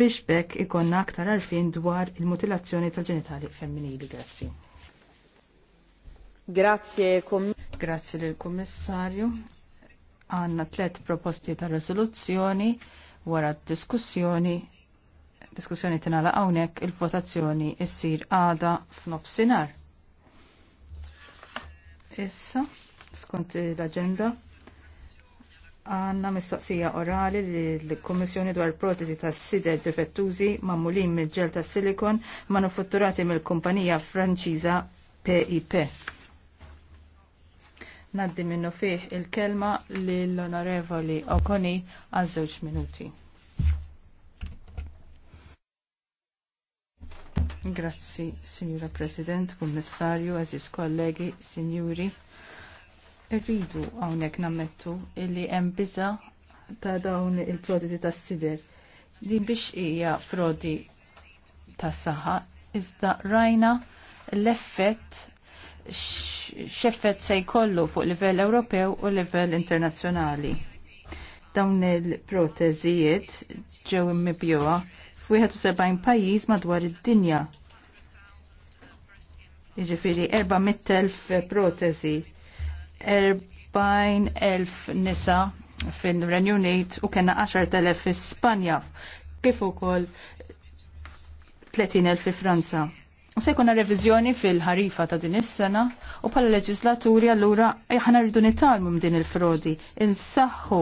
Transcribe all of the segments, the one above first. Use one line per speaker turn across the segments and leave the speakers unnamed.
biex bekk ikonna aktar arfin dwar il-mutilazzjoni tal-ġenitali femminili. Grazzi. Grazie, komm Grazie l kommissarju Għanna tlet proposti ta' rezoluzzjoni wara diskussjoni diskussjoni tinala hawnhekk il-votazzjoni issir għada f'nofsinhar. Issa, skont l-agenda, Għanna mistoqsija orali li l-Kommissjoni dwar protezi ta' sider defettużi mamulin mill ġel ta' silikon manufutturati mill-kumpanija franċiża PIP. Naddi minnu fih il-kelma l-Onorevoli Okoni għal żewġ minuti. Grazzi, Signora President, Kummissarju, Aziz Kollegi, Signori. Irridu hawnhekk nammettu illi hemm biża ta' dawn il-prodizi tas-sider. li biex hija frodi tas-saħħa iżda rajna l-effett x'effett se jkollu fuq livell Ewropew u livell internazzjonali. Dawn il-proteżijiet ġew immibjuha f'71 pajjiż madwar id-dinja. Jiġifieri 400,000 protezi 40,000 nisa fil-Renju Unit u kena 10,000 fi Spanja kif ukoll 30,000 fi Franza. U se jkun reviżjoni fil-ħarifa ta' din is-sena u bħala leġislaturi allura aħna rridu nitalmu din il-frodi, insaħħu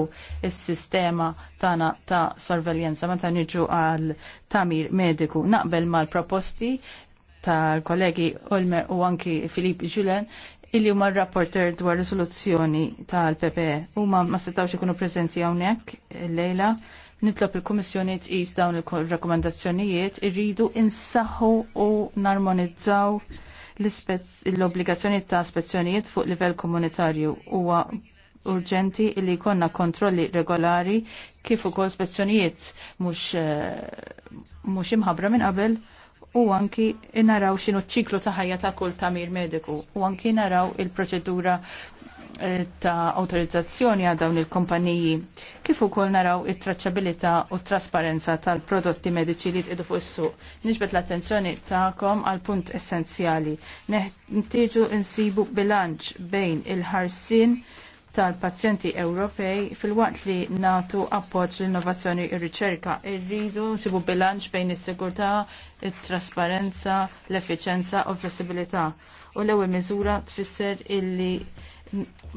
s-sistema tagħna ta' sorveljenza meta niġu għal tamir mediku naqbel mal-proposti tal-kollegi Ulmer u anki Filip Julen illi huma rapporter dwar risoluzzjoni tal-PPE. Huma ma setawx ikunu preżenti hawnhekk lejla. Nitlob il-Kummissjoni tqis dawn il-rakkomandazzjonijiet irridu insaħħu u narmonizzaw l-obbligazzjoni ta' spezzjonijiet fuq livell komunitarju huwa urġenti li jkollna kontrolli regolari kif ukoll spezzjonijiet mhux eh, mhux imħabbra minn qabel u anki naraw xinu ċiklu ta' ħajja ta' kull tamir mediku u anki naraw il-proċedura eh, ta' autorizzazzjoni għal dawn il-kompaniji kif ukoll naraw it-traċċabilità u t trasparenza tal-prodotti mediċi li tqidu fuq is-suq. Niġbet l-attenzjoni tagħkom għal punt essenzjali. Neħtieġu insibu bilanċ bejn il-ħarsin tal-pazjenti Ewropej fil-waqt li natu appoġġ l-innovazzjoni u r-riċerka. Irridu nsibu bilanċ bejn is-sigurtà, it-trasparenza, l effiċjenza u l-flessibilità. U l-ewwel miżura tfisser illi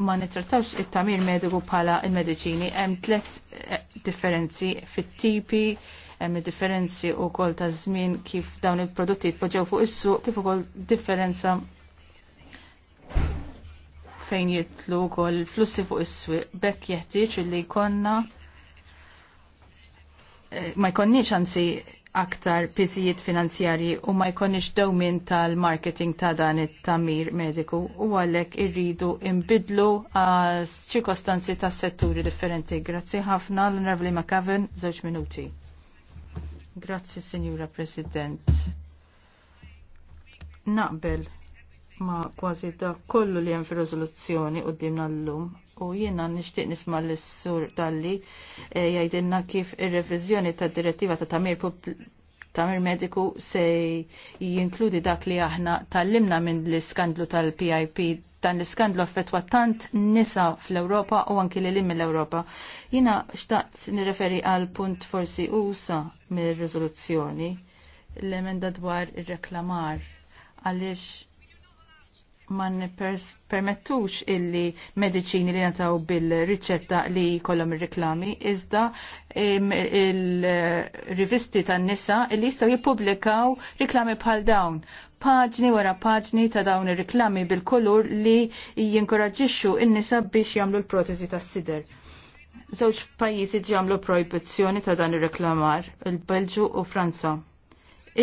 ma nittrattawx it-tamir mediku bħala l mediċini hemm tliet eh, differenzi fit-tipi, hemm differenzi wkoll ta' żmien kif dawn il-prodotti jitpoġġew fuq is-suq kif ukoll differenza fejn jitlu kol flussi fuq is-swieq bekk jeħtieġ li jkollna eh, ma jkonniex anzi aktar piżijiet finanzjarji u ma jkonniex dewmien tal-marketing ta' dan it-tamir mediku u għalhekk irridu imbidlu għas ċirkostanzi tas setturi differenti. Grazzi ħafna l-Onorevoli McAven, żewġ minuti. Grazzi, Sinjura President. Naqbel ma' kważi da kollu li hemm fir-riżoluzzjoni qudiemna llum u jiena nixtieq nisma' lis-sur Talli e, jgħidilna kif ir-reviżjoni tad-direttiva ta' tamir tamir mediku se jinkludi dak li aħna tallimna minn l-iskandlu tal-PIP dan l-iskandlu affettwa tant nisa fl-Ewropa u anki li lim mill-Ewropa. Jina xtaqt nirreferi għal punt forsi usa mill riżoluzzjoni l-emenda dwar ir-reklamar għaliex ma permettux illi mediċini li nataw bil-riċetta li kollom il-reklami, iżda il-rivisti tan nisa illi jistaw jipublikaw reklami bħal dawn. Paġni wara paġni ta' dawn il-reklami bil-kolur li jinkoraġġixxu in-nisa biex jagħmlu l-protezi tas-sider. Żewġ pajjiżi ġamlu proibizzjoni ta' dan ir-reklamar, il-Belġu u Franza.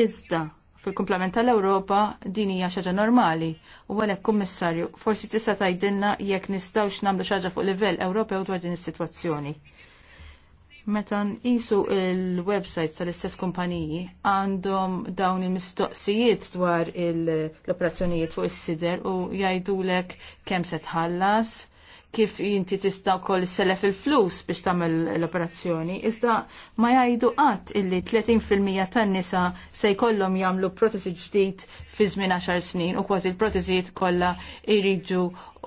Iżda, fil-komplement tal-Ewropa din hija xaġa normali u għalhekk kummissarju forsi tista' tgħidilna jekk nistgħux nagħmlu xaġa fuq livell Ewropew dwar din is-sitwazzjoni. Meta nqisu il-websites tal-istess kumpaniji għandhom dawn il-mistoqsijiet dwar l-operazzjonijiet fuq is-sider u jgħidulek kemm se tħallas kif inti tista' wkoll selef il-flus biex tagħmel l-operazzjoni, iżda ma jgħidu qatt illi 30% tan-nisa se jkollhom jagħmlu protesi ġdid fi żmien 10 snin u kważi l-protesijiet kollha jridu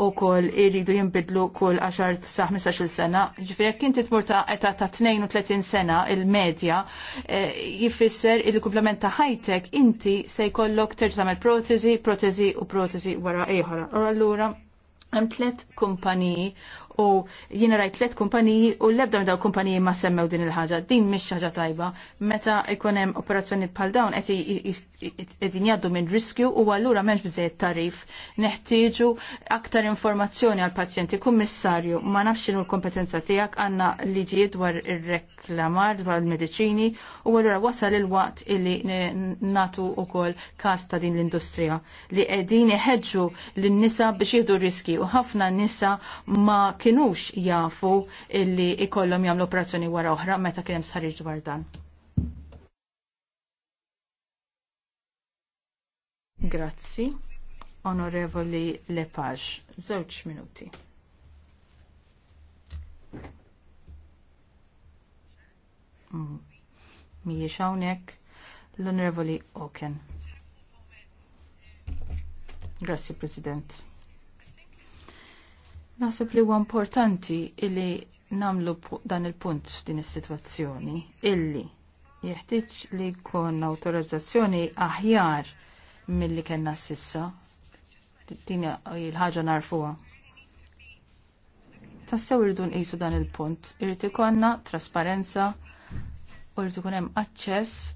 wkoll iridu jinbidlu kull 10 sa 15-il sena. Ġifieri jekk inti tmur ta' età ta' 32 sena il-medja, eh, jifisser il kumplament ta' ħajtek inti se jkollok terġa' tagħmel protesi, protesi u protesi wara ieħor. Allura Hemm tliet kumpaniji u jiena rajt tliet kumpaniji u l-ebda minn dawn kumpaniji ma semmew din il-ħaġa. Din mish ħaġa tajba. Meta ikun hemm operazzjonijiet bħal dawn qed jgħaddu minn riskju u allura m'hemmx biżejjed tarif. Neħtieġu aktar informazzjoni għal pazjenti. Kummissarju, ma nafx x'inhu l-kompetenza tiegħek għandna liġijiet dwar ir-reklamar dwar il-mediċini u allura wasal il-waqt illi natu ukoll każ ta' din l-industrija li qegħdin iħeġġu lin-nisa biex jieħdu riski u ħafna nisa ma kinux jafu illi ikollom jagħmlu operazzjoni wara oħra meta kien hemm sħariġ dwar dan. Grazzi. Onorevoli Lepage, żewġ minuti. Mm. Mhijiex hawnhekk l-Onorevoli Oken. Grazzi, President. Nasib li huwa importanti illi namlu dan il-punt din is-sitwazzjoni illi jeħtieġ li jkun awtorizzazzjoni aħjar milli kellna sissa. Din il-ħaġa narfuha. Tassew irridu nqisu dan il-punt. Irid ikollna trasparenza u irid ikun hemm aċċess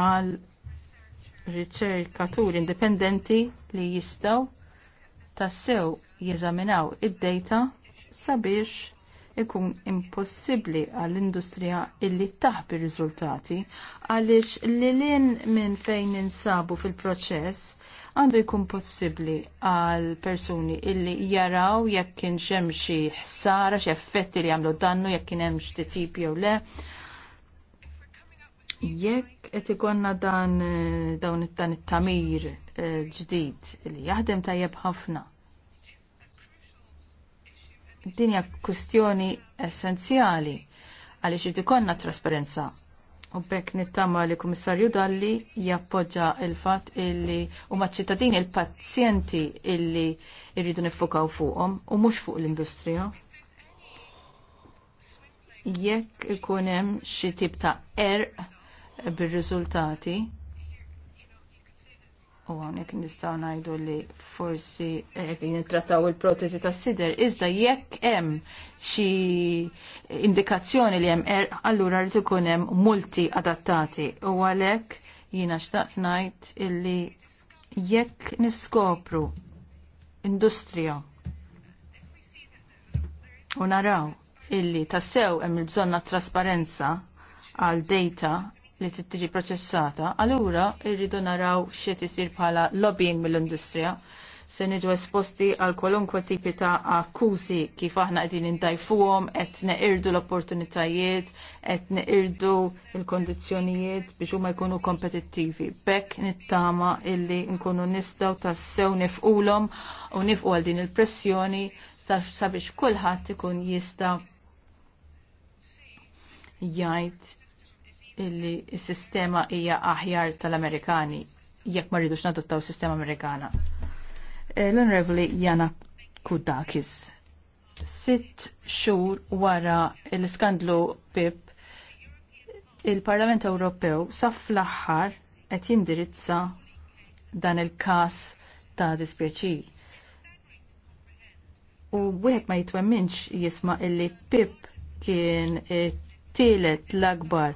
għal riċerkaturi indipendenti li jistgħu tassew jeżaminaw id-data sabiex ikun impossibbli għall-industrija illi taħbi riżultati għaliex lilin minn fejn ninsabu fil-proċess għandu jkun possibbli għal persuni illi jaraw jekk kien xi ħsara, xi effetti li jagħmlu dannu, jekk kien hemm xi tip jew le, Jekk qed ikonna dan eh, dawn dan it-tamir eh, ġdid li jaħdem tajjeb ħafna. Din hija kwistjoni essenzjali għaliex irid ikonna trasparenza U bekk nittama li kummissarju Dalli jappoġġa il-fat illi u ċittadini il-pazzjenti illi irridu nifokaw fuqhom u mhux fuq l-industrija. Jekk ikun hemm xi tip ta' erq bir-riżultati. U għonek nistaw najdu li forsi għedin trattaw il-protezi ta' sider, iżda jekk hemm xi indikazzjoni li hemm er, allura rrid ikun hemm multi adattati. U għalhekk jiena xtaqt ngħid illi jekk niskopru industrija u naraw illi tassew hemm il-bżonna trasparenza għal data li tiġi proċessata, allura irridu naraw xiet tisir bħala lobbying mill-industrija. Se niġu esposti għal kwalunkwe tipi ta' akkużi kif aħna qegħdin indajfuhom, qed neqirdu l-opportunitajiet, qed neqirdu l-kondizzjonijiet biex huma jkunu kompetittivi. Bekk nittama illi nkunu nistgħu tassew nifqulhom u nifqu għal din il-pressjoni sabiex kulħadd ikun jista' jgħid illi s-sistema hija aħjar tal-Amerikani jekk ma rridux nadottaw sistema Amerikana. Eh, L-Onorevoli Jana Kudakis. Sitt xhur wara l-iskandlu PIP il-Parlament Ewropew saf fl-aħħar qed jindirizza dan il-każ ta' dispjaċir. U wieħed ma jitwemminx jisma' illi PIP kien tielet l-akbar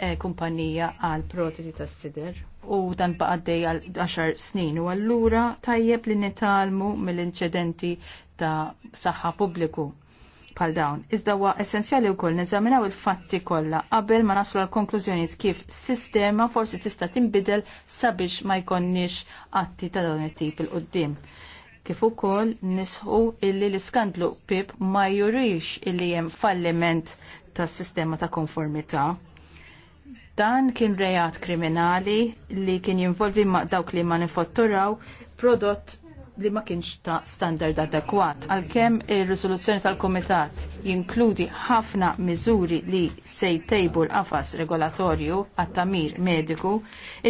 eh, kumpanija għal protezi tas sider u dan għaddej għal 10 snin u allura tajjeb li nitalmu mill-inċidenti ta' saħħa pubbliku bħal dawn. Iżda huwa essenzjali wkoll neżaminaw il-fatti kollha qabel ma naslu għal konklużjonijiet kif sistema forsi tista' tinbidel sabiex ma jkonniex atti ta' dawn it-tip il qudiem Kif ukoll nisħu illi l-iskandlu PIP ma jurix illi hemm falliment tas sistema ta' konformità. Dan kien rejat kriminali li kien jinvolvi ma' dawk li ma nifatturaw prodott li ma kienx ta' standard adekwat. Għalkemm ir-risoluzzjoni tal-Komitat jinkludi ħafna miżuri li se jtejbu l-qafas regolatorju għat-tamir mediku,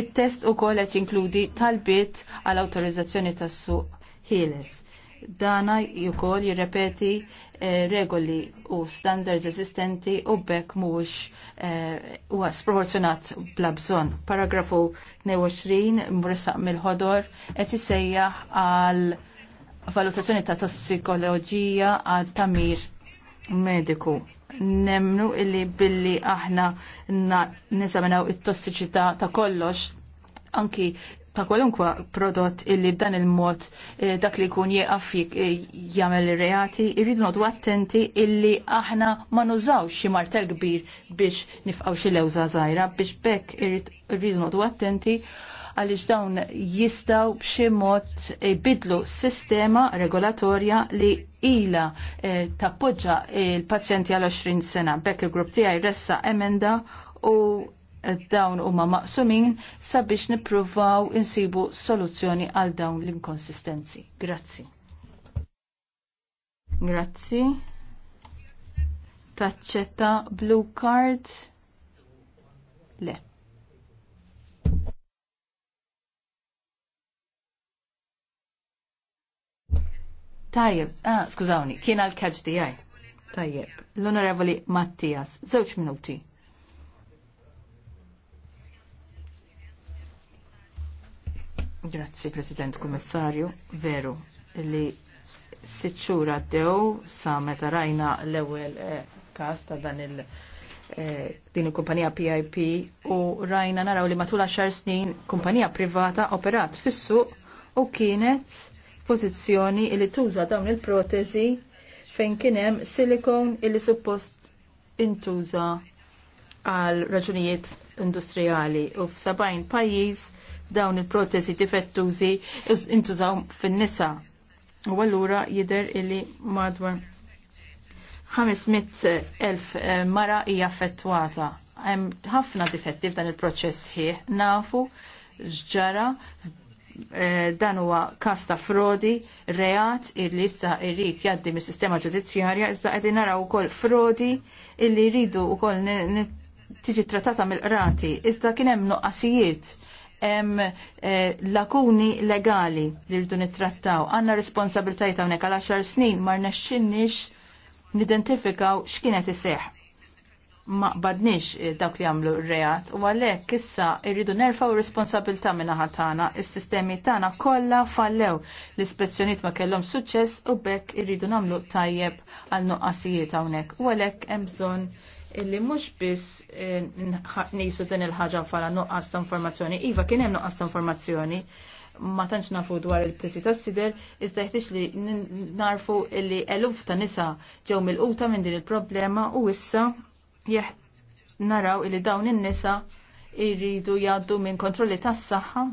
it-test ukoll qed jinkludi talbiet għal awtorizzazzjoni tas-suq ħieles dana jukoll jirrepeti eh, regoli u standards esistenti u bekk mux eh, u sproporzjonat bla bżonn. Paragrafu 22 mresaq mill-ħodor et jisejjaħ għal valutazzjoni ta' tossikoloġija għal tamir mediku. Nemnu illi billi aħna nizaminaw it-tossiċità ta' kollox anki ta' kwalunkwa prodott illi b'dan il-mod eh, dak li jkun jieqaf eh, jagħmel ir-reati, irridu nodu attenti illi aħna ma nużawx xi martel kbir biex nifqgħu xi lewża żgħira biex bekk irridu nodu attenti għaliex dawn jistaw b'xi mod jbidlu eh, sistema regolatorja li ila tappoġġa il-pazjenti għal 20 sena. Bekk il-grupp tiegħi ressa emenda u dawn huma maqsumin sabiex nippruvaw insibu soluzzjoni għal dawn l-inkonsistenzi. Grazzi. Grazzi. Taċċetta blue card? Le. Tajjeb, ah, skużawni, kien għal-kaġ Tajjeb, l-Onorevoli Mattias, zewċ minuti. Grazzi, President Kummissarju. Veru, li sitxur dew sa meta rajna l-ewel eh, kas ta' dan il- eh, din il-kumpanija PIP u rajna naraw li matul 10 snin kumpanija privata operat fis-suq u kienet pożizzjoni li tuża dawn il-protezi fejn kien hemm silikon illi suppost intuża għal raġunijiet industrijali u f'sabajn pajjiż dawn il protesi difettużi intużaw fin-nisa. U allura jidher illi madwar 500.000 eh, mara hija affettwata. Hemm ħafna difetti f'dan il-proċess ħieħ. Nafu x'ġara, eh, dan huwa kasta ta' frodi, reat illi issa jrid jgħaddi mis-sistema ġudizzjarja, iżda qegħdin naraw ukoll frodi illi jridu wkoll tiġi trattata mill-qrati, iżda kien hemm nuqqasijiet hemm eh, lakuni legali li rridu nittrattaw. Għandna responsabiltajiet hawnhekk għal 10 snin ma rnexxinniex nidentifikaw x'kienet iseħħ ma badnix eh, dawk li għamlu r-reat u għalhekk issa rridu nerfgħu responsabilità minn naħa tagħna is sistemi tagħna kollha fallew l-ispezzjoniet ma kellhom suċċess u bekk irridu nagħmlu tajjeb għal nuqqasijiet hawnhekk u għalhekk hemm bżonn illi mhux biss eh, nisu din il-ħaġa bħala nuqqas ta' informazzjoni, iva kien hemm nuqqas ta' informazzjoni ma tantx nafu dwar il-presi ta' sider, iżda jħtiex li narfu illi eluf ta' nisa ġew mill-quta minn din il-problema u issa jeħt naraw illi dawn in-nisa jridu jgħaddu minn kontrolli tas-saħħa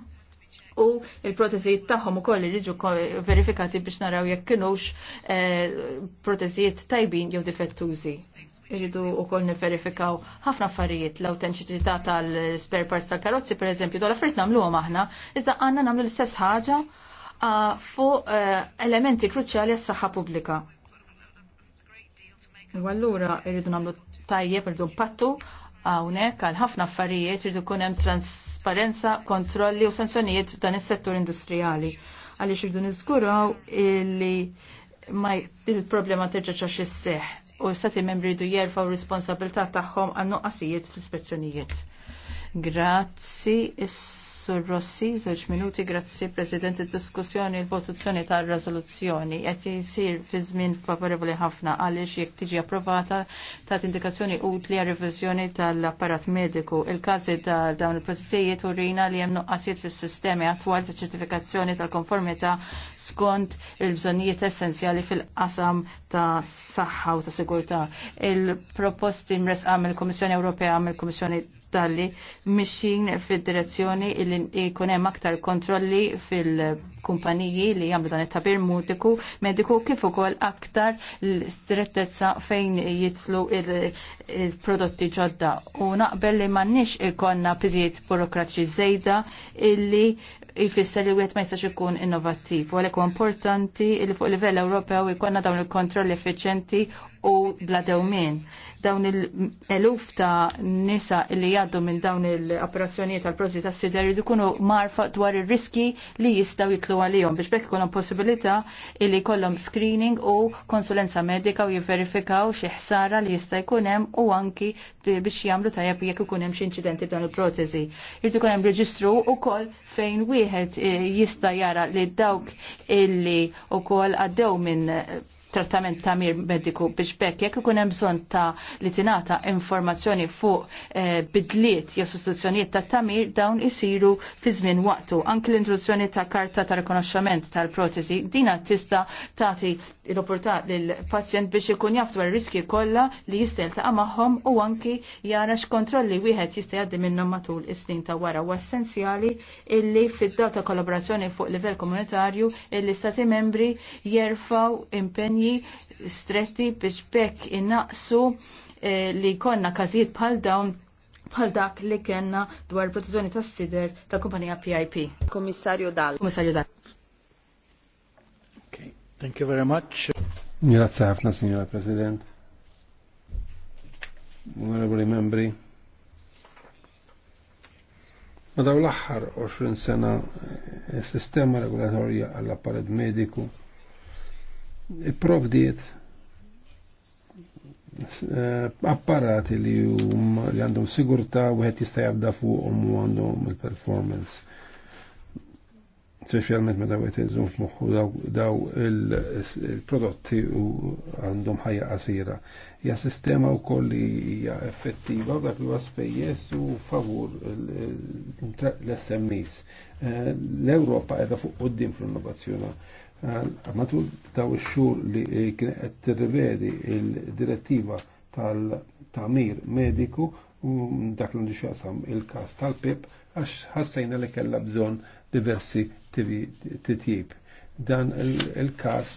u il-protezijiet tagħhom ukoll irriġu verifikati biex naraw jekk kienux eh, protezijiet tajbin jew difettużi. Irridu u kol niverifikaw ħafna affarijiet l-autenċità tal-spare parts tal-karozzi, per eżempju, dola fritt namlu aħna, iżda għanna namlu l-istess ħaġa fuq e, elementi kruċjali għas saħħa pubblika. U allura irridu namlu tajjeb, irridu pattu għawnek għal ħafna affarijiet irridu kunem hemm transparenza, kontrolli u sanzjonijiet dan is-settur industrijali. Għaliex irridu niżguraw li ma il-problema terġa' xi seħ u stati membri jdu jerfaw responsabilità tagħhom għan nuqqasijiet fl-ispezzjonijiet. Grazzi. Sur Rossi, żewġ minuti, grazzi President diskussjoni l-votazzjoni ta' rezoluzzjoni qed jisir fi żmien favorevoli ħafna għaliex jekk tiġi approvata ta' indikazzjoni utli għal revizjoni tal-apparat mediku. Il-każi ta' dawn il-pozizzijiet urina li hemm nuqqasijiet fis-sistemi attwal ta' ċertifikazzjoni tal-konformità skont il-bżonnijiet essenzjali fil-qasam ta' saħħa u ta' sigurta. Il-proposti mresqa mill-Kummissjoni Ewropea mill-Kummissjoni tal-li mixin fil-direzzjoni li jkun hemm aktar kontrolli fil-kumpaniji li jagħmlu dan it-tabir mutiku mediku kif ukoll aktar l-strettezza fejn jitlu il-prodotti ġodda. U naqbel li m'għandniex ikonna piżijiet burokratiċi żejda illi jfisser li wieħed ma jistax ikun innovattiv. U għalhekk importanti li fuq livell Ewropew ikonna dawn il-kontroll effiċjenti u bla dewmien. Dawn il-eluf ta' nisa li jaddu minn dawn il operazzjoniet tal prozzi ta' sider jkunu marfa dwar ir-riski li jistaw jitlu għalihom biex bekk ikollhom possibilità li jkollhom screening u konsulenza medika u jivverifikaw xi ħsara li jista' jkun hemm u anki biex jagħmlu tajjeb jekk ikun hemm xi incidenti dan il-protezi. Irid ikun hemm reġistru wkoll fejn wieħed eh, jista' jara li dawk illi wkoll għaddew minn trattament ta' mir mediku biex bekk jekk ikun hemm bżonn ta' li tingħata informazzjoni fuq eh, bidliet jew sostituzzjonijiet ta' tamir dawn isiru fi żmien waqtu. Anki l-introduzzjoni ta' karta ta' rikonoxxament tal-protesi dina tista' tagħti l-opportunità lill-pazjent biex ikun jaf dwar riski kollha li jisteltaqa' magħhom u anki jara x'kontrolli wieħed jista' jgħaddi minnhom matul is-snin ta' wara u essenzjali illi fid-daw ta' kollaborazzjoni fuq livell komunitarju l istati membri jerfaw impenji kriterji stretti biex bekk innaqsu eh, li konna każijiet bħal dawn bħal dak li kena dwar protezzjoni tas sider ta' kumpanija PIP. Komissarju Dal. Komissarju Dal. Okay. Thank you very much.
Grazie ħafna, signora President. Onorevoli membri. Ma daw l-axħar 20 sena s-sistema eh, regolatorja għall-apparat mediku provdiet eh, apparati li li għandhom sigurta u għet jista jabda fuqhom u għandhom il-performance. Specialment meta għet jizum f'moħħu daw il-prodotti u għandhom ħajja qasira. Ja sistema u kolli ja effettiva dak li spejjes u favur l-SMEs. Eh, L-Europa edha fuq qoddim fl-innovazzjoni Eh, matul daw li eh, kien qed il-direttiva tal-tamir mediku u dak li il kas tal-PIP għax ħassejna li kellha bżonn diversi titjib. Dan il-każ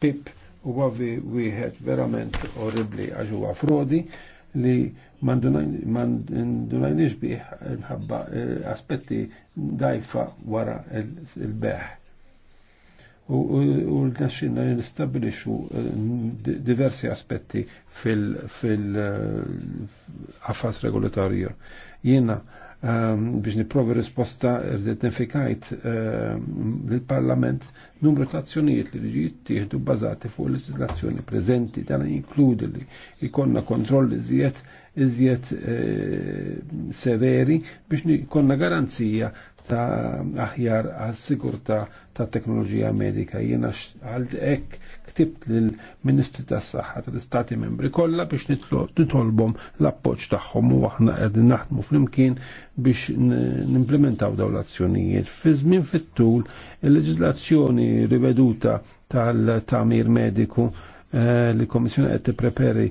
PIP huwa wieħed verament orribli għax huwa frodi li mandunajniex bih nħabba eh, aspetti dajfa wara il-beħ u l-naxxinna li nistabilixu eh, diversi aspetti fil-affas eh, regolatorju. Jiena ehm, biex niprovi risposta identifikajt ehm, l-Parlament numru ta' azzjonijiet li li jittieħdu bazati fuq leġislazzjoni prezenti dan jinkludi li jkollna kontrolli iżjed iżjed eh, severi biex konna garanzija ta' aħjar għal sigurta ta' teknoloġija medika. Jiena għalt ek ktibt lill-Ministri tas saħħa tal-Istati membri kollha biex nitolbom l-appoġġ tagħhom u aħna qegħdin naħdmu flimkien biex nimplementaw dawn l-azzjonijiet. Fi żmien fit-tul il-leġiżlazzjoni riveduta tal-tamir mediku Eh, li komissjoni għed t-preperi,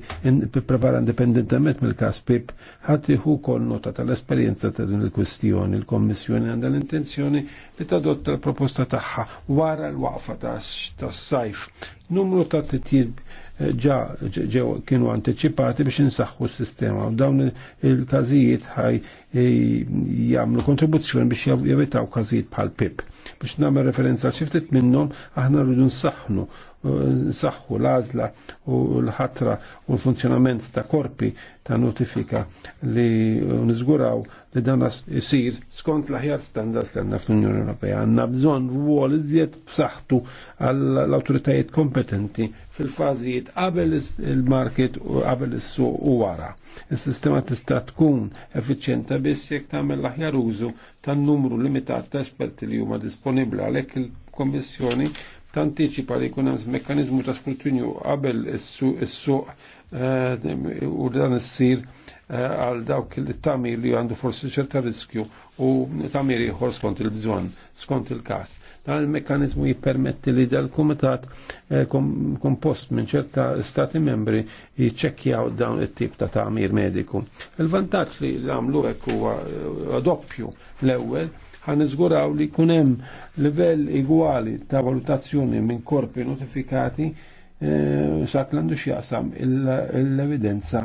t prepara indipendentament mill-każ PIP ħadd iħu wkoll nota tal esperienza ta' din il-kwistjoni. il komissjoni għanda l-intenzjoni li tadotta l-proposta taħħa wara l-waqfa s sajf Numru ta' t-tib ġa kienu anticipati biex insaħħu s-sistema dawn il-każijiet ħaj e, jagħmlu kontribuzzjoni biex jevitaw każijiet bħal PIP. Biex nagħmel referenza xiftit minnhom aħna rridu nsaħħnu e, nsaħħu l-għażla u l-ħatra u l-funzjonament ta' korpi ta' notifika li nizguraw li dan isir skont l-aħjar standards li għandna fl-Unjoni Ewropea. Għandna bżonn ruol iżjed b'saħħtu għall-awtoritajiet kompetenti fil-fażijiet qabel il-market u qabel is-suq u wara. Is-sistema tista' tkun effiċjenta biss jekk tagħmel l-aħjar użu tan-numru limitat ta' esperti li huma disponibbli għalhekk il-Kommissjoni tantiċipa li jkun hemm mekkaniżmu ta' skrutinju qabel is-suq eh, u dan issir Eh, għal dawk li tamir li għandu forsi ċerta riskju u tamir ieħor skont il-bżonn, skont il-każ. Dan il-mekkanizmu jippermetti li dal komitat eh, kompost minn ċerta stati membri jiċċekkjaw dawn it-tip ta' tamir mediku. Il-vantaġġ li għamlu hekk huwa eh, doppju l-ewwel ħan iżguraw li kunem livell igwali ta' valutazzjoni minn korpi notifikati sak l-għandu l-evidenza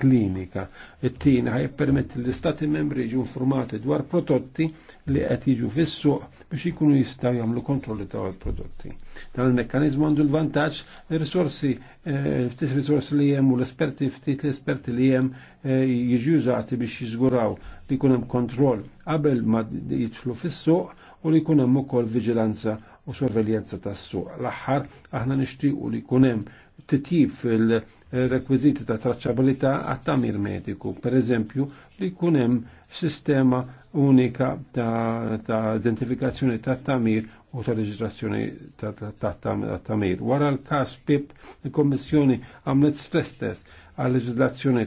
klinika. It-tina ħaj permetti l-istati membri ġu informati dwar prodotti li qed jiġu fissu biex ikunu jistaw jagħmlu kontrolli ta' prodotti. Dan il-mekkanizmu għandu l-vantaġġ risorsi eh, ftit risorsi li hemm u l-esperti ftit l-esperti li hemm eh, jiġu użati biex jiżguraw li jkun hemm kontroll qabel ma jidħlu fis-suq u li jkun hemm ukoll viġilanza u sorveljenza tas-suq. L-aħħar aħna nixtiequ li jkun hemm titjib fil-rekwiżiti ta' traċċabilità għat-tamir mediku, pereżempju li jkun hemm sistema unika ta', ta identifikazzjoni ta' tamir u ta' reġistrazzjoni ta' tamir. Wara l-kas PIP, il-Kommissjoni għamlet stress test għal leġislazzjoni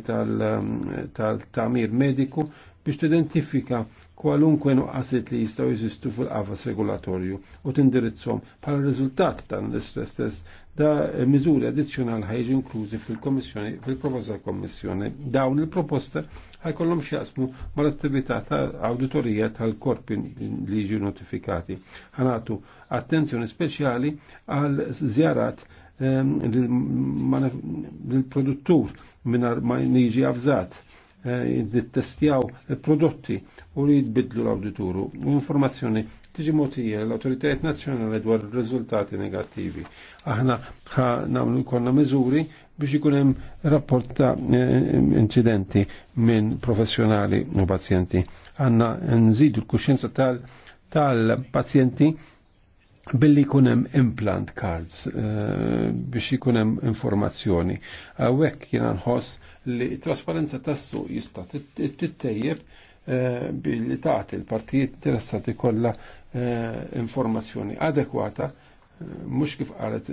tal-tamir mediku biex t-identifika kwalunkwe nuqqasit li jistaw jizistu fil-qafas regulatorju u tindirizzom pal riżultat dan l-istress test da miżuri addizzjonal ħajġu inklużi fil-Kommissjoni fil-proposta komissjoni Dawn il-proposta ħajkollhom xjaqsmu mal-attività ta' awditorija tal-korpi li jiġu notifikati. Ħanatu attenzjoni speċjali għal żjarat ehm, lill produttur minn ma jiġi avżat jiddittestjaw prodotti u li jidbidlu l-awdituru u informazzjoni tiġi motija l-autoritajiet nazzjonali dwar rezultati negativi. Aħna ħa namlu konna miżuri biex ikun hemm rapport ta' incidenti minn professjonali u pazjenti. Għanna nżidu l kuxenza tal-pazjenti billi kunem implant cards eh, biex jikunem informazzjoni. Għawek jena nħoss li trasparenza tassu jista tittejjeb eh, billi taħti l-partijiet interessati kolla eh, informazzjoni adekwata eh, mux kif għalet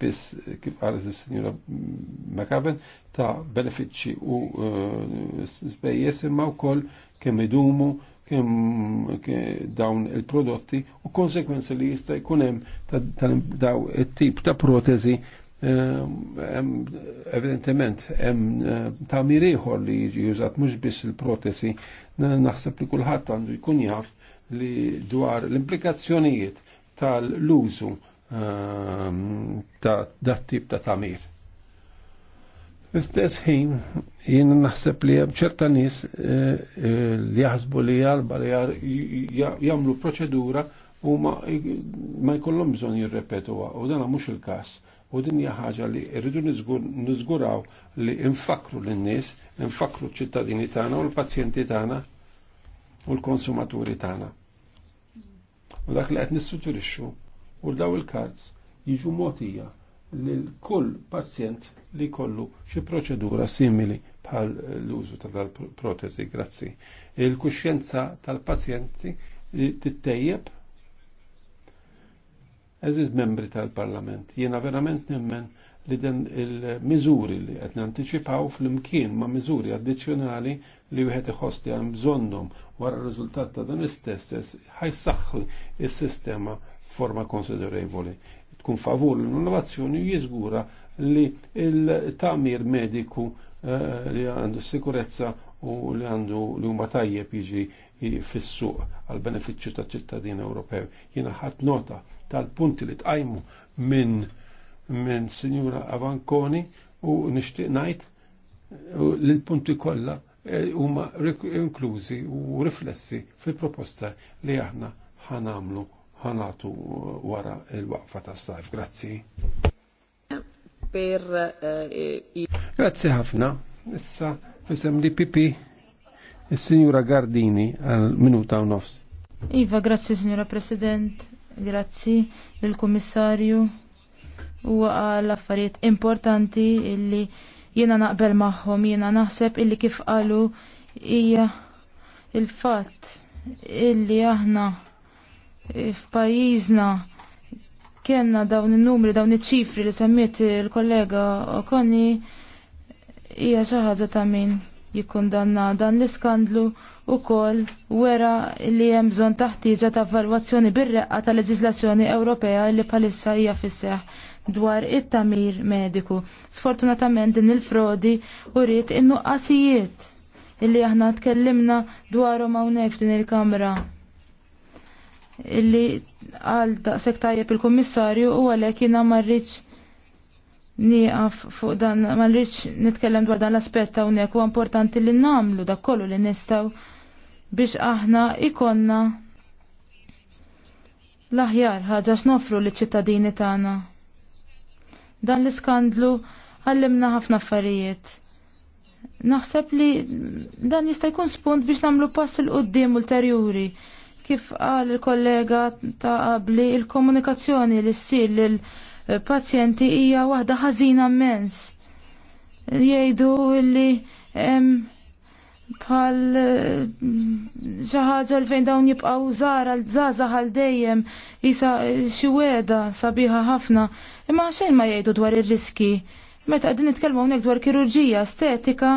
bis kif għalet il-Sinjura McAven ta' benefiċċi u spejjes imma wkoll kemm idumu kemm dawn il-prodotti u konsekwenzi li jista' jkun hemm ta' daw it-tip ta' protezi Ehm, ehm, evidentement hemm tagħmir ieħor li jiġi jużat mhux biss il-protesi, naħseb li kulħadd għandu jkun jaf li dwar l-implikazzjonijiet tal-użu ehm, ta' dat tip ta' tagħmir. Istess ħin jien naħseb li hemm ċerta nies eh, eh, li jaħsbu li jalba li jagħmlu proċedura u ma jkollhom bżonn jirrepetuha u dan mhux il-każ U din hija ħaġa li rridu niżguraw li infakru lin-nies, infakru ċ-ċittadini tagħna u l-pazjenti tagħna u l-konsumaturi tagħna. U dak li qed nissuġġerixxu u daw il karz jiġu mogħtija lil kull pazjent li kollu xi proċedura simili bħal l-użu ta' dal-protezi, grazzi. Il-kuxjenza tal-pazjenti tittejjeb eżiz membri tal-Parlament. Jiena verament nemmen li den il-miżuri li qed anticipaw fl-imkien ma' miżuri addizzjonali li wieħed iħoss li hemm bżonnhom wara r-riżultat ta' dan istess ħajsaħħu il sistema f'forma konsiderevoli. Tkun favur l-innovazzjoni jiżgura li il-tamir mediku eh, li għandu sikurezza u li għandu li huma tajjeb jiġi fis-suq għal benefiċċju taċ-ċittadin Ewropew. Jiena ħadd nota tal-punti li tqajmu minn minn Sinjura Avankoni u nixtieq ngħid li l-punti kollha e, huma inklużi u riflessi fil-proposta li aħna ħanamlu ħanatu wara il-waqfa tas-sajf. Grazzi.
Per eh,
Grazzi ħafna. Issa Fissem li pipi il-Sinjura Gardini għal minuta u nofs.
Iva, grazzi Sinjura President, grazzi il-Komissarju u għal affarijiet importanti illi jiena naqbel magħhom, jiena naħseb illi kif qalu hija il-fatt illi aħna f'pajjiżna kienna dawn in-numri, dawn iċ-ċifri li semmiet il-kollega Okoni hija xi ħaġa ta' min jikkundanna dan l-iskandlu wkoll wera li hemm bżonn taħtieġa ta' valwazzjoni bir-reqqa ta' leġiżlazzjoni Ewropea li bħalissa hija fisseħ dwar it-tamir mediku. Sfortunatament din il-frodi u rrit in-nuqqasijiet illi aħna tkellimna dwarhom hawnhekk f'din il-kamra. Illi għal daqshekk tajjeb il-Kummissarju u għalhekk jiena marriċ nieqaf fuq dan ma rridx nitkellem dwar dan l-aspett unek huwa importanti li nagħmlu dak kollu li nistgħu biex aħna ikonna l-aħjar ħaġa x'nofru li ċittadini tagħna. Dan l-iskandlu għallimna ħafna affarijiet. Naħseb li dan jista' jkun spunt biex nagħmlu pass il qudiem ulterjuri. Kif qal il-kollega ta' qabli il-komunikazzjoni li ssir lil pazjenti hija waħda ħażina immens. Jgħidu li bħal eh, xi ħaġa l fejn dawn jibqgħu żgħar għal żgħażagħ għal dejjem isa xi weda sabiħa ħafna. Imma xejn ma jgħidu dwar ir-riski. Meta qegħdin nitkellmu hawnhekk dwar kirurġija estetika,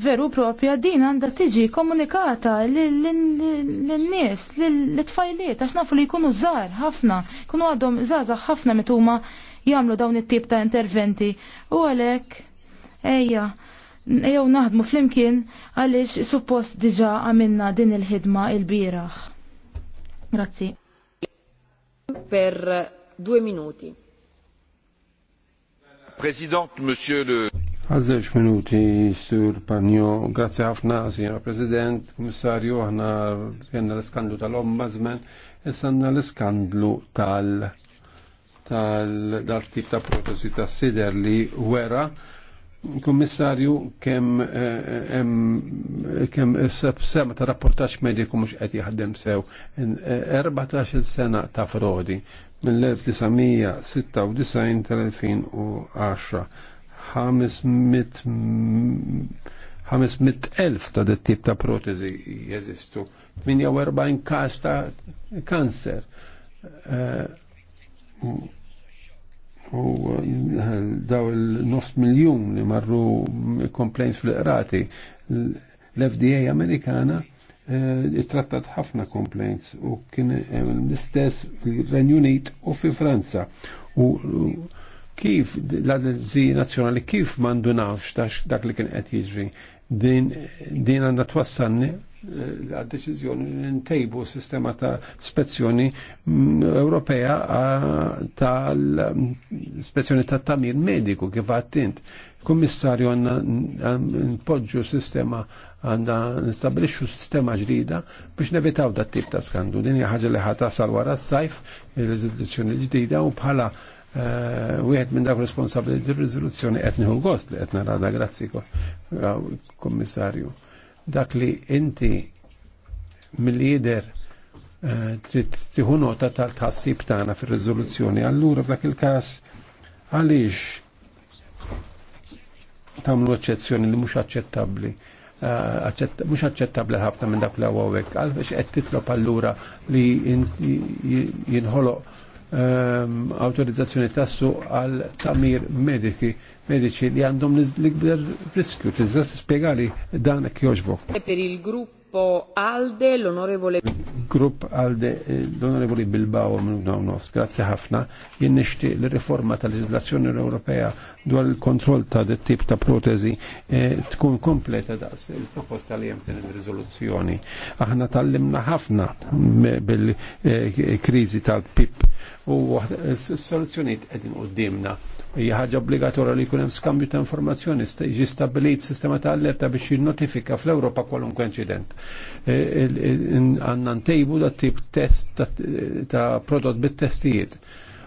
veru propja din għandha tiġi komunikata l nies l-tfajliet, għax nafu li jkunu żgħar ħafna, jkunu għadhom zazax ħafna mituma jamlu jagħmlu dawn it-tip ta' interventi. U għalhekk eja, jew naħdmu flimkien għaliex suppost diġà għamilna din il-ħidma il biraħ Grazzi.
Per due minuti. Presidente, Monsieur le
Għazzeġ minuti, Sur Panjo, grazie ħafna, Signora President, Komissarju, ħna jenna l-skandlu tal-Ombudsman, jessanna l-skandlu tal- tal-tip ta' protesi ta' sider li wera. Kommissarju, kem eh, kem sema ta' rapportax mediku mux qed jaħdem sew 14 eh, sena ta' frodi mill-1996 tal-2010 500.000 ta' dit tip ta' protezi jesistu. 48 kas ta' kanser. Eh, u daw il-9 miljon li marru complaints fl qrati L-FDA Amerikana eh, trattat ħafna complaints u kien eh, l-istess fil renjunit u fi Franza. U kif l-Aġenziji Nazzjonali kif mandu nafx dak li kien qed jiġri din għandha twassanni eh, għad deċiżjoni li ntejbu sistema ta' spezzjoni mm, Ewropea tal-spezzjoni ta' tamir mediku kif għattint. Kummissarju għanna npoġġu sistema għanna nistabilixu sistema ġdida biex nevitaw dat tip ta' skandu. Din hija ħaġa li ħata sal wara s-sajf il-leżislazzjoni ġdida u bħala Eh, wieħed minn dak responsabbli tir riżoluzzjoni qed nieħu gost li qed narada grazzi Kommissarju. Dak li inti mill-lider eh, trid tieħu nota tal-tħassib tagħna fir-riżoluzzjoni. Allura f'dak il-każ għaliex tagħmlu eċċezzjoni li mhux aċċettabbli eh, mux aċċettabbli ħafna minn dak l-għawek, għalfex qed titlob allura li jinħoloq Ehm, autorizzazzjoni tassu għal tamir mediki medici li għandhom l-ikber riskju. Tista' spiegali dan kjoġbok.
E per il-grupp gruppo ALDE, l'onorevole...
Grupp ALDE, eh, l'onorevole Bilbao, minuta nofs, grazie ħafna, jien nixtieq li riforma tal-leġislazzjoni Europea dwar il-kontroll ta' tip ta' protezi eh, tkun kompleta da' il-proposta li hemm din ir-riżoluzzjoni. Aħna tallimna ħafna bil-kriżi eh, tal-PIP u s-soluzzjonijiet qegħdin dimna hija ħaġa obbligatorja li jkun hemm skambju ta' informazzjoni jiġi stabbilit sistema ta' allerta biex jinnotifika fl-Ewropa kwalunkwe inċident. E, e, e, Għandna ntejbu dat tip test ta' prodott bit-testijiet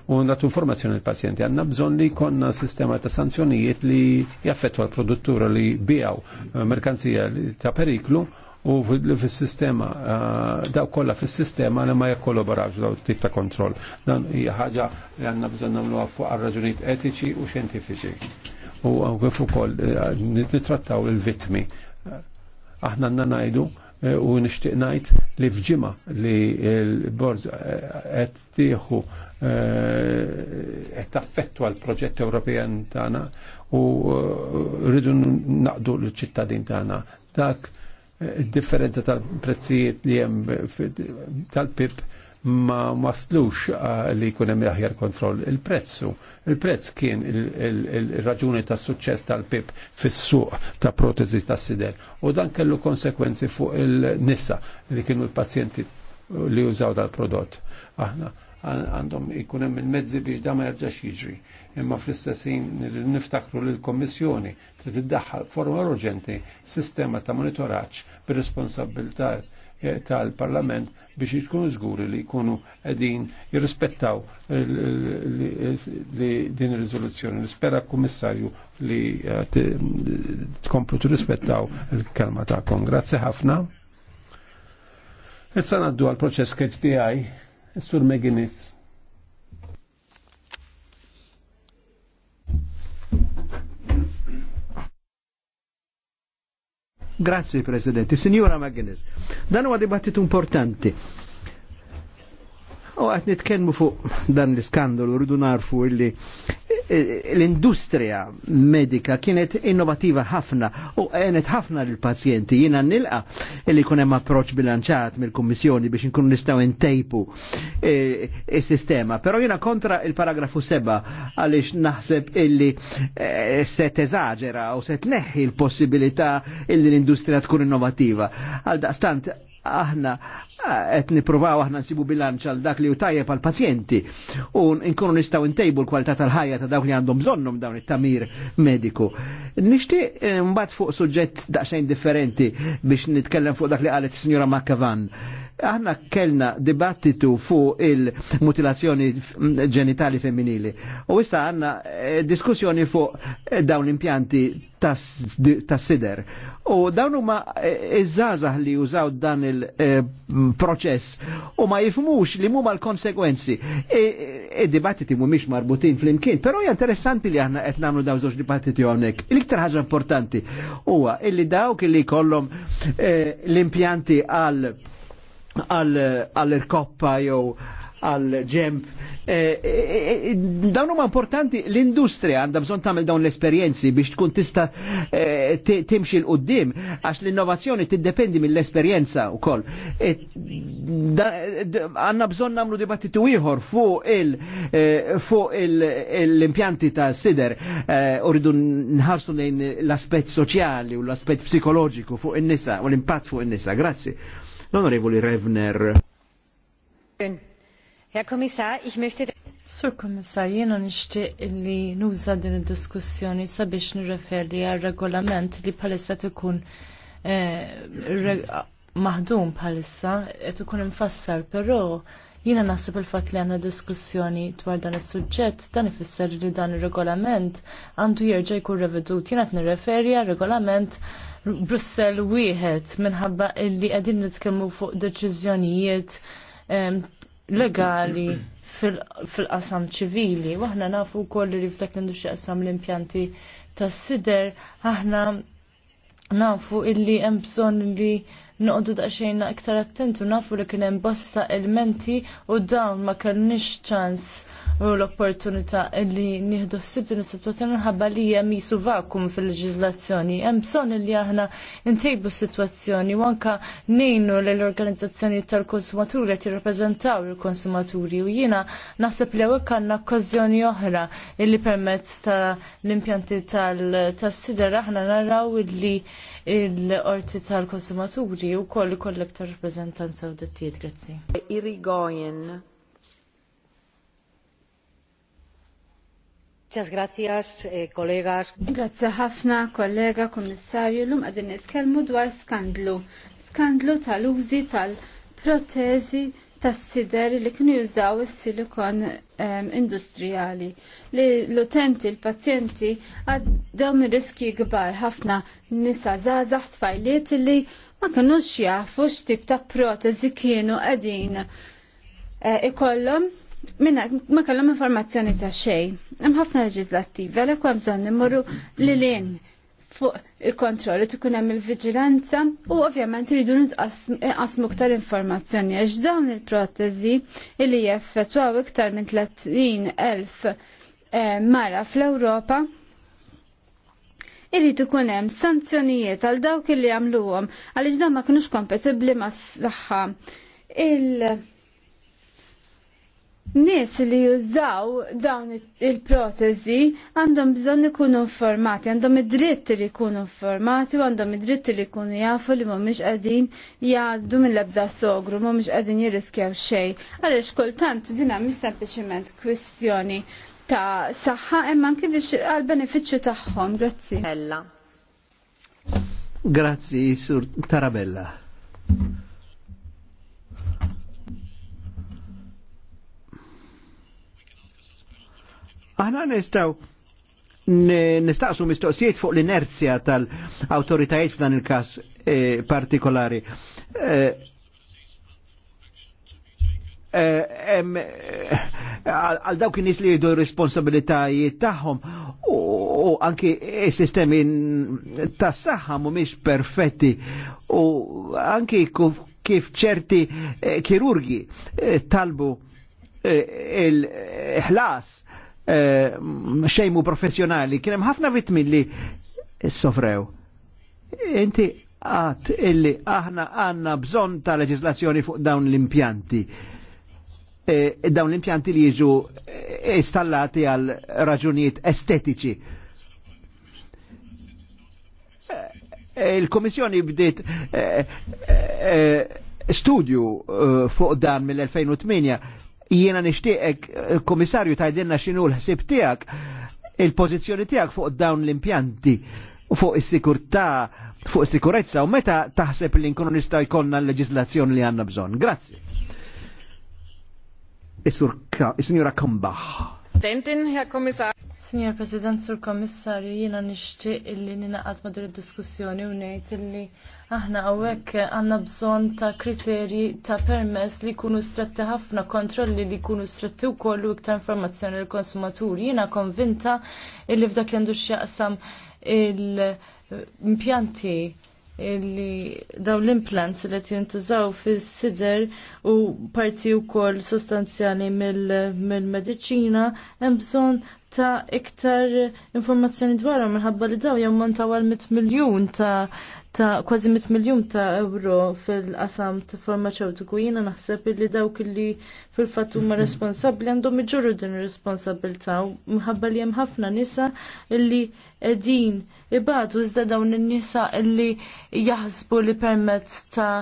u natu informazzjoni l-pazjenti. Għanna bżon li konna sistema ta' sanzjonijiet li jaffettwa l-produttura li bijaw merkanzija ta' periklu u fis-sistema eh, daw kollha fis-sistema li ma jikkollaborawx daw tip ta' kontroll. Dan hija ħaġa li għandna bżonn nagħmluha fuq għal-raġunijiet etiċi u xjentifiċi. U kif ukoll eh, nittrattaw il-vittmi. Aħna għandna ngħidu eh, u nishtiq najt li fġima li l-borz qed tieħu qed taffettu għal proġett Ewropejan tagħna u rridu naqdu l-ċittadin tagħna. Dak differenza tal-prezzijiet li hemm tal-pip ma maslux uh, li jkun hemm aħjar kontroll il-prezzu. Il-prezz kien il-raġuni tas suċċess tal-pip fis-suq ta' protezi ta' sider u dan kellu konsekwenzi fuq il-nissa li kienu l-pazjenti li użaw dal-prodott. Aħna għandhom ikun hemm il-mezzi biex da ma jerġax jiġri. Imma fl istessin niftakru l kommissjoni trid iddaħħal forma urġenti sistema ta' monitoraġġ bir-responsabilità eh, tal-Parlament biex jkunu żguri li jkunu qegħdin jirrispettaw din ir-riżoluzzjoni. Nispera kummissarju li eh, tkomplu tirrispettaw il-kelma tagħkom. Grazzi ħafna. Issa naddu għal proċess KTI. Sur Meginis.
Grazie Presidente. Signora Magnes, dan huwa dibattitu importanti. U għat nitkenmu fuq dan l-iskandalu, rridu narfu illi l-industrija medika kienet innovativa ħafna u għenet ħafna l-pazjenti. Jina nilqa li kunem approċ bilanċat mill-Kommissjoni biex nkunu nistaw intejpu il-sistema. E, e, Pero jina kontra il-paragrafu seba għalix naħseb illi e, se teżagġera u se tneħħi l-possibilità illi l-industrija tkun innovativa. Għal daqstant aħna eh, qed nippruvaw aħna nsibu bilanċ għal dak li hu tajjeb għal pazjenti u nkunu nistgħu ntejbu l-kwalità tal-ħajja ta' dawk li għandhom bżonnhom dawn it-tamir mediku. Nixtieq eh, mbagħad fuq suġġett daqsxejn differenti biex nitkellem fuq dak li qalet is-Sinjura Makkavan. Aħna kellna dibattitu fuq il-mutilazzjoni ġenitali femminili. U issa għanna eh, diskussjoni fuq dawn l-impjanti tas-sider. Tas U dawn huma iż-żgħażagħ eh, li jużaw dan il-proċess eh, u ma jifmux li huma l-konsekwenzi. Id-dibattiti e, e, mhumiex marbutin flimkien, però hija interessanti li aħna qed nagħmlu dawn żewġ dibattiti hawnhekk. L-iktar ħaġa importanti huwa illi dawk li jkollhom eh, l-impjanti għal għall-irkoppa jew għal ġemp. Eh, eh, eh, Dawnu ma' importanti l industria għandha bżon tamil dawn l esperienzi biex tkun tista timxil l-qudiem għax l-innovazzjoni tiddependi mill-esperjenza wkoll. Għandna bżonn nagħmlu dibattitu ieħor fuq l-impjanti ta' sider u rridu nħarsu lejn l aspet soċjali u l aspet psikologiku fuq in-nisa u l-impatt fuq in-nisa. Grazzi. L-Onorevoli Revner.
Thank you. Herr Kommissar, ich möchte Sur Kommissar, jiena nixtieq li nuża din id-diskussjoni sabiex nirreferi għal regolament li bħalissa tkun eh, maħdum bħalissa qed ikun pero però jiena naħseb il-fatt li għandna diskussjoni dwar dan is-suġġett dan ifisser li dan ir-regolament għandu jerġa' jkun revedut. Jiena qed nirreferi għal regolament Brussel wieħed minħabba li qegħdin nitkellmu fuq deċiżjonijiet legali fil-qasam ċivili. Waħna nafu wkoll li f'dak l-industri qasam l-impjanti tas-sider, aħna nafu illi hemm bżonn li noqdu daqsxejn iktar attenti u nafu li kien hemm bosta elementi u dawn ma kellniex ċans u l-opportunità li nieħdu ħsibt din is-sitwazzjoni minħabba li hemm jisu vakum fil-leġiżlazzjoni. Hemm bżonn li aħna ntejbu s-sitwazzjoni u anke ngħinu lill-organizzazzjoni tal-konsumaturi qed jirrappreżentaw il-konsumaturi u jiena naħseb li hawnhekk għandna okkażjoni oħra li permezz ta l impjanti tas-sider aħna naraw li l-orti tal-konsumaturi u koll kollek ta' rappresentanza u dettijiet, grazzi.
Muchas gracias,
kollegas. Eh, Grazie ħafna, kollega, kommissarju. Lum għadin nitkellmu dwar skandlu. Skandlu tal-użi tal-protezi tas-sider li kienu jużaw is-silikon ehm, industrijali. Li l-utenti, l-pazjenti għaddew minn riski kbar ħafna nisa zazax tfajliet li ma kinux jafu x'tip ta' protezi kienu qegħdin. E, eh, minna ma kellhom informazzjoni ta' xejn. Hemm ħafna leġislattivi għalhekk hemm bżonn immorru lilin fuq il-kontroll li tkun hemm il-viġilanza u ovvjament iridu nqasmu iktar informazzjoni għax dawn il-protezi li jeffettwaw iktar minn 30,000 eh, mara fl-Ewropa irrid ikun hemm sanzjonijiet għal dawk li jagħmluhom għaliex dan ma kinux kompetibbli mas-saħħa il- Nies li jużaw dawn il-protezi għandhom bżonn ikunu informati, għandhom id-dritt li jkunu informati u għandhom id-dritt li jkunu jafu li mhumiex qegħdin jgħaddu mill-ebda sogru, mhumiex qegħdin jirriskjaw xejn. Għaliex kultant din mhix sempliċiment kwistjoni ta' saħħa imma anke biex għal-benefiċċju tagħhom. Grazzi.
Grazzi, Sur Tarabella. Aħna nistaw nistaqsu mistoqsijiet fuq l-inerzja tal-autoritajiet f'dan il-kas eh, partikolari. Eh, eh, għal dawk nis li jridu responsabilitajiet tagħhom u anki sistemi tas saħħa mhumiex perfetti u anki kif ċerti kirurgi talbu il-ħlas il ħlas Eh, xejmu professjonali, kienem ħafna vittmi li soffrew. Inti għat illi aħna għanna bżon ta' leġislazzjoni fuq dawn l-impjanti. E, dawn l-impjanti li jiġu installati għal raġunijiet estetiċi. E, Il-Komissjoni bdiet e, studju fuq dan mill-2008 jiena nixtieqek eh, komissarju tajdenna x'inhu l-ħsib tiegħek il-pożizzjoni tiegħek fuq dawn l-impjanti fuq is-sikurtà fuq is-sikurezza u meta taħseb li nkunu nistgħu jkollna l-leġiżlazzjoni li għandna bżonn. Grazzi. Is-Sinjura Kambaħ.
Tentin, Herr Kommissar. Signor President, Sur Kommissarju, jiena nixtieq illi ninaqat ma' id diskussjoni u ngħid illi aħna hawnhekk għandna bżonn ta' kriterji ta' permess li jkunu stretti ħafna, kontrolli li jkunu stretti wkoll u iktar informazzjoni lill konsumaturi Jiena konvinta illi f'dak li għandu x'jaqsam il-impjanti li daw l-implants li jintużaw fil-sider u parti u koll sostanzjali mill-medicina, mil hemm bżonn ta' iktar informazzjoni dwarhom minħabba li daw jammontaw għal 100 miljun ta' ta' kważi 100 miljum ta' euro fil-qasam ta' farmaceutiku jiena naħseb li dawk li fil-fatt huma responsabbli għandhom iġorru din ir-responsabilità minħabba li hemm ħafna nisa li qegħdin ibatu iżda dawn in-nisa li jaħsbu li permezz ta'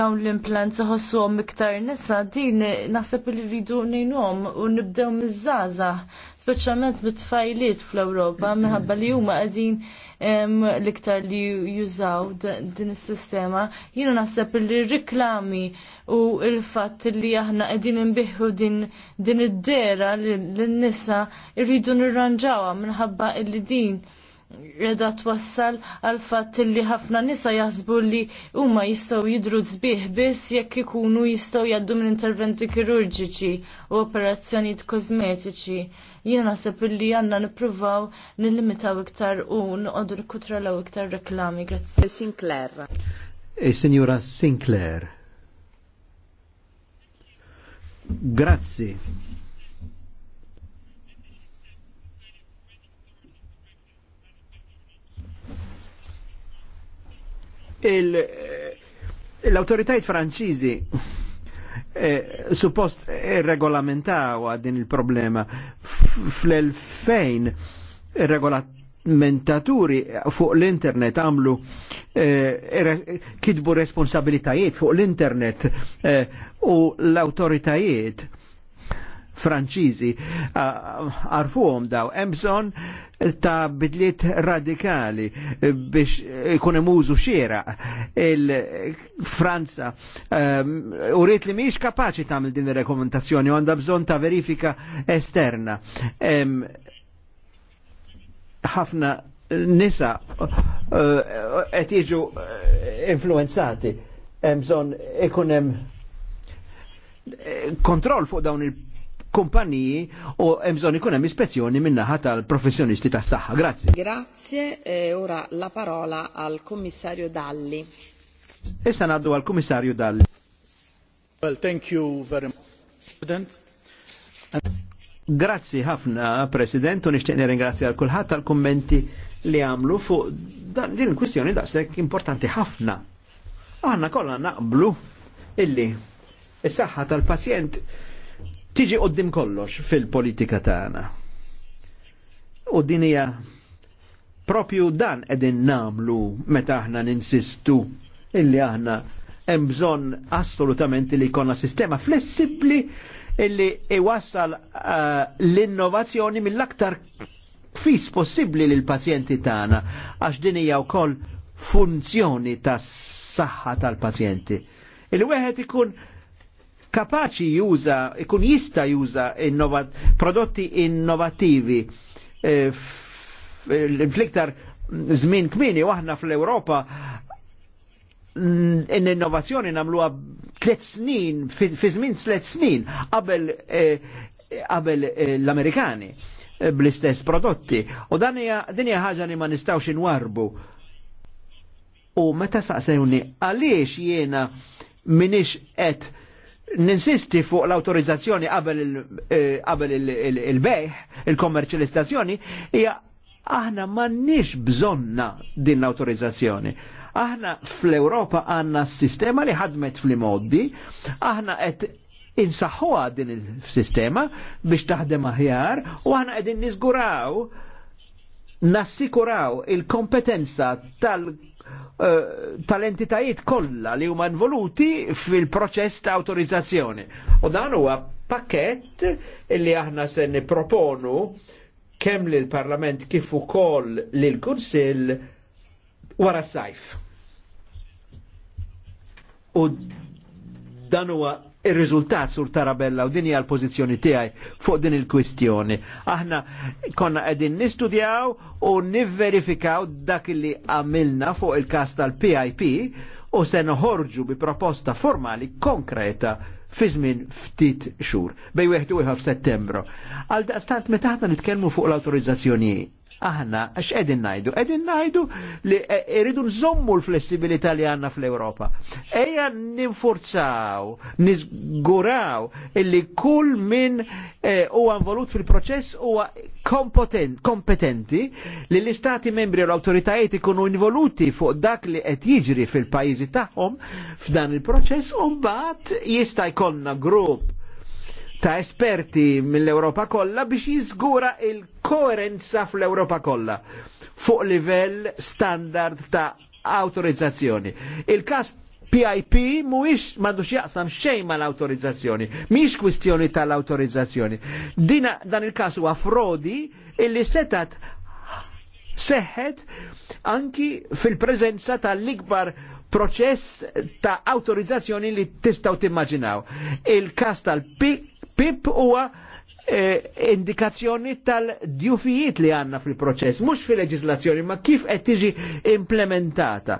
dawn l-implant iħossuhom iktar nisa din naħseb li rridu ngħinhom u nibdew miż-żgħażagħ, speċjalment mit tfajliet fl-Ewropa minħabba li huma qegħdin l-iktar li jużaw din is-sistema. Jiena naħseb li reklami u il-fatt li aħna qegħdin inbiħħu din din id-dera lin-nisa irridu nirranġawha minħabba li din edha twassal għal fatt li ħafna nisa jaħsbu li huma jistgħu jidru zbieħ biss jekk ikunu jistgħu jgħaddu minn interventi kirurġiċi u operazzjonijiet kosmetiċi. Jien naħseb li għandna nippruvaw nillimitaw iktar u noqogħdu nikkutralaw iktar reklami. Grazzi. Sinclair.
Eh, signora Sinclair. Grazzi. l-autoritajt franċiżi eh, suppost regolamentaw din il-problema fl-2000 regolamentaturi fuq l-internet għamlu eh, kitbu responsabilitajiet fuq l-internet eh, u l-autoritajiet Franċiżi Arfuhom daw hemm bżonn ta' bidliet radikali biex ikun hemm użu xiera il-Franza ehm, u rrit li mhijiex kapaċi tagħmel din ir-rekomendazzjoni u għandha bżonn ta' verifika esterna. Ehm, ħafna nisa eh, qed jiġu eh, influenzati hemm bżonn ikun hemm eh, kontroll fuq dawn il- kumpaniji u emżon ikun hemm ispezzjoni minnaħa tal-professjonisti tas-saħħa. Grazie.
Grazie, eh, e ora la parola al Commissario Dalli.
Issa ngħaddu għal Kummissarju Dalli. Well, thank you very much, President. And... Grazzi ħafna, President, u nixtieq nirringrazzja għal kulħadd tal-kummenti li għamlu fuq din il-kwistjoni daqshekk importanti ħafna. Aħna kollha naqblu illi is-saħħa tal-pazjent tiġi qoddim kollox fil-politika tagħna. U din hija propju dan qegħdin namlu meta aħna ninsistu illi aħna hemm bżonn assolutament li jkollna sistema flessibbli illi iwassal uh, l-innovazzjoni mill-aktar kfis possibbli lil pazjenti tagħna għax din hija wkoll funzjoni tas-saħħa tal-pazjenti. Il-wieħed ikun kapaċi juża, ikun jista juża prodotti innovativi eh, fl-iktar żmien kmini waħna fl-Ewropa mm, in innovazzjoni namluha tliet snin, fi żmien tliet snin qabel eh, qabel eh, l-Amerikani bl-istess prodotti. U dan hija din hija ħaġa li ma nistgħux inwarbu. U meta saqsejuni għaliex jiena minix qed ninsisti fuq l-autorizzazzjoni qabel il-bejħ, eh, il-kommerċializzazzjoni, hija aħna m'għandniex bżonna din l-autorizzazzjoni. Aħna fl-Ewropa għandna s-sistema li ħadmet fl imoddi aħna qed insaħħuha din il-sistema biex taħdem aħjar u aħna qegħdin niżguraw nassikuraw il-kompetenza tal- Eh, tal-entitajiet kollha li huma involuti fil-proċess ta' autorizzazzjoni. U dan huwa pakket li aħna se nipproponu kemm lil parlament kif ukoll lil kunsill wara s-sajf. U dan huwa il-rizultat sur Tarabella u din hija l-pożizzjoni tiegħi fuq din il-kwistjoni. Aħna konna qegħdin nistudjaw u nivverifikaw dak li għamilna fuq il-każ tal-PIP u se noħorġu bi proposta formali konkreta fi żmien ftit xhur bej wieħed u ieħor f'Settembru. Għal daqstant meta aħna nitkellmu fuq l-awtorizzazzjonijiet aħna edin ngħidu? edin ngħidu li e, irridu nżommu l-flessibilità li għandna fl-Ewropa. Ejja ninforzaw, nizguraw illi kull min e, huwa għanvolut involut fil-proċess huwa kompetenti li l-istati membri u l-autoritajiet ikunu involuti fuq dak li qed jiġri fil-pajjiżi tagħhom f'dan il-proċess u mbagħad jista' jkollna grupp ta' esperti mill-Europa kollha biex jiżgura il-koerenza fl-Europa kollha fuq livell standard ta' autorizzazzjoni. Il-kas PIP mhuwiex m'għandux jaqsam xejn mal-autorizzazzjoni, mhix kwistjoni tal-autorizzazzjoni. Dina dan il-każ huwa frodi illi setat seħħet anki fil-preżenza tal-ikbar proċess ta' autorizzazzjoni li tistgħu timmaġinaw. il każ tal-PIP PIP huwa eh, indikazzjoni tal-djufijiet li għanna fil-proċess, mux fil-leġislazzjoni, ma kif qed tiġi implementata.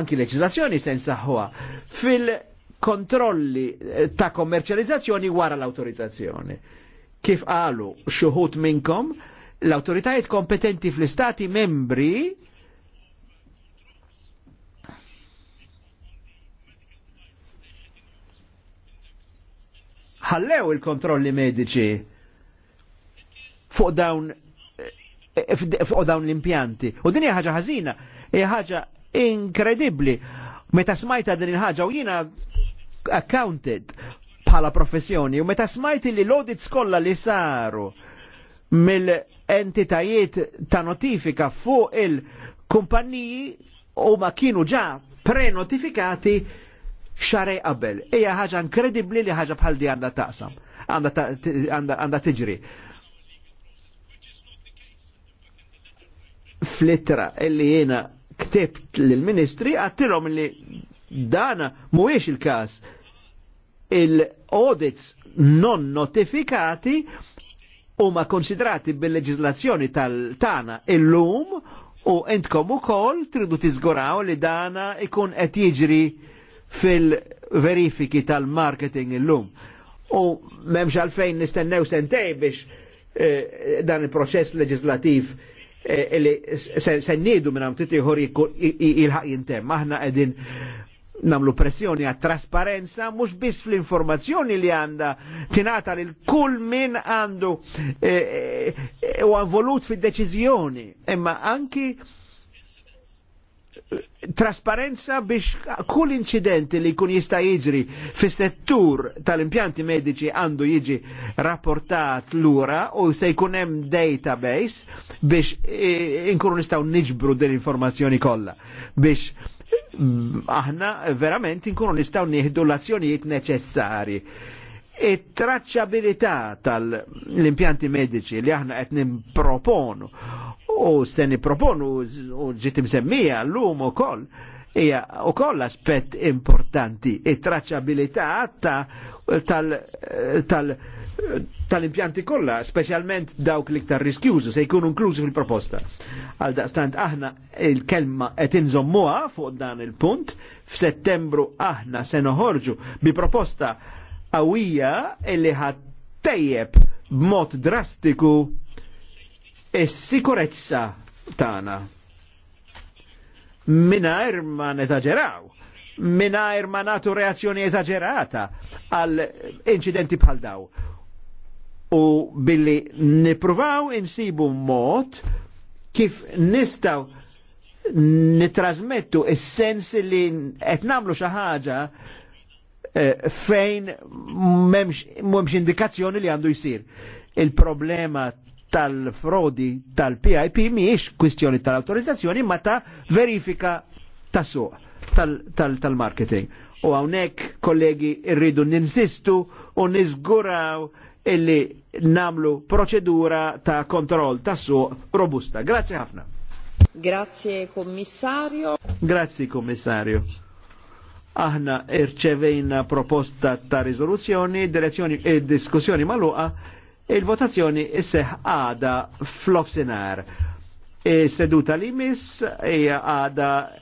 Anki leġislazzjoni sensaħħuha fil-kontrolli eh, ta' kommerċjalizzazzjoni wara l-autorizzazzjoni. Kif qalu xuħut minnkom, l-autoritajiet kompetenti fl-istati membri ħallew il-kontrolli mediċi fuq dawn eh, fuq dawn l-impjanti. U din hija ħaġa ħażina, hija ħaġa inkredibbli. Meta smajta din il-ħaġa u jiena accounted bħala professjoni u meta smajt li l-audits skolla li saru mill-entitajiet ta' notifika fuq il-kumpanniji u ma kienu ġa pre-notifikati xare qabel. Ija ħaġa inkredibbli li ħaġa bħal di għandha taqsam, għandha tiġri. Flittra illi jiena ktibt lill-Ministri għattilhom li dana mhuwiex il-każ il-audits non notifikati huma konsidrati bil-leġislazzjoni tal-tana il-lum u entkom ukoll tridu tizgoraw li dana ikun qed jiġri fil-verifiki tal-marketing illum. U memx għalfejn nistennew sentej biex eh, dan il-proċess leġislativ eh, li sennidu minn għamtit iħor jilħaq jintem. Aħna edin namlu pressjoni għat trasparenza mux biss fl-informazzjoni li għanda tinata li l-kull min għandu eh, eh, u għan volut fil-deċizjoni imma anki trasparenza biex kull incident li jkun jista' jiġri fis-settur tal-impjanti mediċi għandu jiġi rapportat lura u se jkun hemm database biex eh, inkunu nistgħu niġbru din l-informazzjoni kollha biex mm, aħna verament inkunu nistgħu nieħdu l-azzjonijiet neċessari it-traċċabilità tal-impjanti mediċi li aħna qed nipproponu u se nipproponu u ġiet imsemmija llum ukoll hija ukoll aspett importanti it-traċċabilità tal-impjanti tal, kollha, speċjalment dawk l-iktar riskjużu se jkunu inklużi fil-proposta. Għal daqstant aħna il-kelma qed inżommuha fuq dan il-punt, f'Settembru aħna se noħorġu bi proposta għawija illi ħad b'mod drastiku is-sikurezza tagħna. Mingħajr ma neżaġeraw, mingħajr ma nagħtu reazzjoni eżaġerata għal inċidenti bħal daw. U billi nippruvaw insibu mod kif nistaw nitrasmettu is-sens li qed nagħmlu xi ħaġa Eh, fejn memx indikazzjoni li għandu jisir. Il-problema tal-frodi tal-PIP miex kwistjoni tal-autorizzazzjoni ma ta' verifika ta' suq tal-marketing. U għawnek, kollegi, irridu ninsistu u nizguraw illi namlu proċedura ta' kontroll ta' suq robusta. Grazie ħafna.
Grazie kommissario.
Grazie kommissario. Aħna irċevejna proposta ta' rizoluzzjoni, direzzjoni e diskussjoni maluqa, il-votazzjoni isseħ għada fl E seduta li mis e għada